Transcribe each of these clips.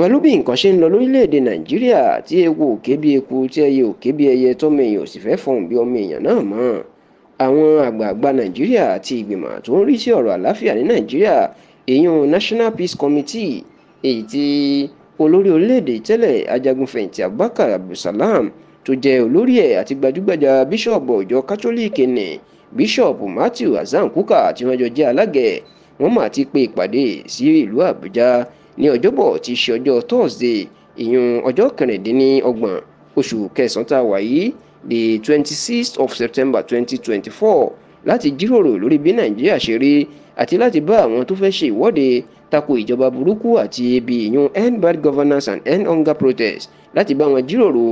pẹ̀lú bí nǹkan ṣe ń lọ lórílẹ̀‐èdè nàìjíríà tí eku ò ké bí eku tí ẹyẹ ò ké bí ẹyẹ tọ́mọ èèyàn ò sì fẹ́ fọhùn bí ọmọ èèyàn náà mọ́ àwọn àgbààgbà nàìjíríà àti ìgbìmọ̀ tó ń rí sí ọ̀rọ̀ àláfíà ní nàìjíríà èèyàn national peace committee èyí tí olórí orílẹ̀‐èdè tẹ́lẹ̀ ajagunfẹ̀yìntì abubakar abdulsalam tó jẹ́ olórí ẹ̀ àti gbajúgbajà bíṣọ̀bù ọ̀jọ́ kátólíìkì ni bíṣọ̀bù matthew hasan kuka tí wọ́n jọ jẹ́ alágẹ̀ wọ́n mà ti pe ìpàdé sí ìlú àbújá ní ọjọ́bọ̀ ti ṣe ọjọ́ thursday ìyún ọjọ́ kẹrìndínlọ́gbọ̀n oṣù kẹsàn-án tá a wà yìí the twenty sixth of september twenty twenty four láti jíròrò lórí bí nàìjíríà ṣe rí àti láti bá àwọn tó fẹ́ ṣe ìwọ́de tako ìjọba burúkú àti ebi ìyún end bad governance and end hunger protest láti bá wọn jíròrò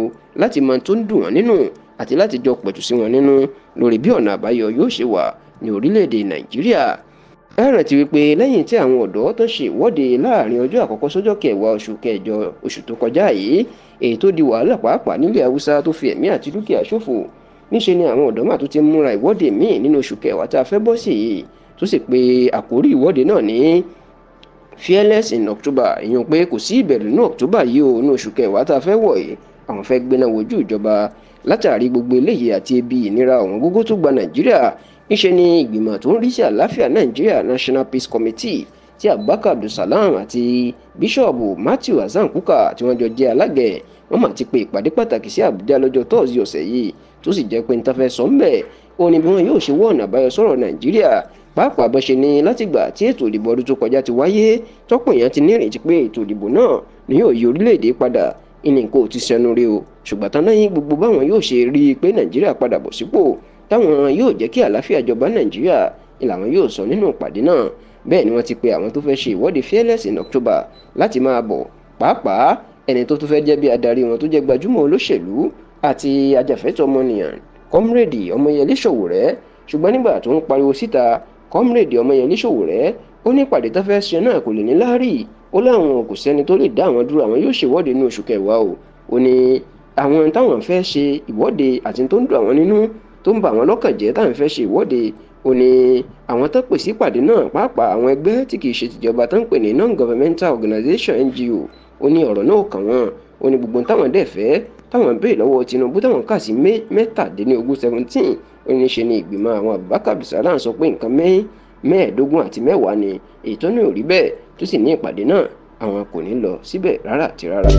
láti mọ tó ń dùn wọn nínú àti láti jọ pẹ̀tù sí wọn nínú lórí bí ọ̀nà àbáyọ yóò ṣe wà ní orílẹ̀-èdè nàìjíríà ẹ rántí wípé lẹ́yìn tí àwọn ọ̀dọ́ tó ṣe ìwọ́de láàrin ọjọ́ àkọ́kọ́ sọ́jọ́ kẹwàá oṣù kẹjọ oṣù tó kọjá yìí èyí tó di wàhálà pàápàá nílẹ̀ haúsá tó fi ẹ̀mí àti dúkìá ṣòfò níṣe ni àwọn ọ̀dọ́ màá tó ti múra ìwọ́de míì nínú oṣù kẹwàá tá a fẹ́ bọ́ sí yìí tó sì pé àkórí ìwọ́de náà ní fearless in October ìyẹn pé kò sí ìbẹ̀rù nínú October yìí o nínú oṣù kẹwàá tá a fẹ́ wọ̀ yìí àwọn fẹ́ gbéná wojú ìjọba látàrí gbogbo eléyìí àti ebi ìnira ọ̀hún gógó tó gba nàìjíríà níṣe ni ìgbìmọ̀ tó ń rí sí àlàáfíà nàìjíríà National Peace Committee tí Abubakar Abdulsalam àti bíṣọ̀bù Matthew Hasan Kuka tí wọ́n jọ jẹ́ alágẹ̀ wọ́n mà ti pe ìpàdé pàtàkì sí Àbújá lọ́jọ́ tọ́ọ̀sì ọ̀sẹ̀ yìí tó sì jẹ́ pé n ta fẹ́ sọ mbẹ̀ ó ní bí wọn yóò ṣe wọ́ọ̀nà àbáyọ sọ̀rọ̀ nàìjíríà pàápàá bó ṣe ní látìgbà tí ètò ìdìbò ọdún tó kọjá ti wáyé tọ́pọ̀ èèyàn ti nírètí pé ètò ìdìbò náà ni yóò yí orílẹ̀-èdè padà nǹkan ò ti sẹnu rí o ṣùgbọ́n tán lẹ́yìn gbogbo báwọn yóò ṣe rí i pé nàìjíríà padà bọ̀ sípò táwọn yóò jẹ́ kí àlàáfíà jọba nàìjíríà làwọn yóò sọ nínú ìpàdé náà bẹ́ẹ̀ ni wọ́n ti pe àwọn tó fẹ́ ṣe ìwọ́de fearless in October láti máa bọ̀ pàápàá ẹni tó tún fẹ́ jẹ́ bí adarí wọn tó jẹ́ gbajúmọ̀ olóṣèlú àti ajàfẹ́tọ̀ ọmọnìyàn kọ́mírèdì ọmọyẹlé ṣòwòrẹ́ ṣùgbọ́n nígbà tó ń pariwo síta kọ́mírèdì ọmọyẹlé ṣòwòrẹ́ ó ní ìpàdé tó fẹ́ ṣe náà kò lè ní láárí ó láwọn kò sẹ́ni tó lè dá àwọn dúró àwọn yóò ṣèwọ́de ní oṣù kẹwàá o ó ní àwọn táwọn fẹ́ ṣe ìwọ́de àti tó ń dùn àwọn nínú tó ń bà wọ́n lọ́kàn jẹ́ táwọn fẹ́ ṣe ìwọ́de ó ní àwọn tó pè sí ìpàdé náà pàápàá àwọn ẹgbẹ́ tí kì í ṣe tìjọba tó ń pè ní non-governmental organization NGO ó ní ọ̀rọ̀ náà kàn wọ́n ó ní gbogbo táwọn dẹ̀ fẹ́ táwọn béèrè lọ́wọ́ Tinubu táwọn kà sí mẹ́tàdínlógún seventeen ó ní ṣe ni ìgbìmọ̀ àwọn Abubakar Abdulsalam sọ pé nǹkan mẹ́rin mẹ́ẹ̀ẹ́dógún àti mẹ́wàá ni èyí tó ní òrí bẹ́ẹ̀ tó sì ní ìpàdé náà àwọn kò ní lọ síbẹ̀ rárá àti rárá.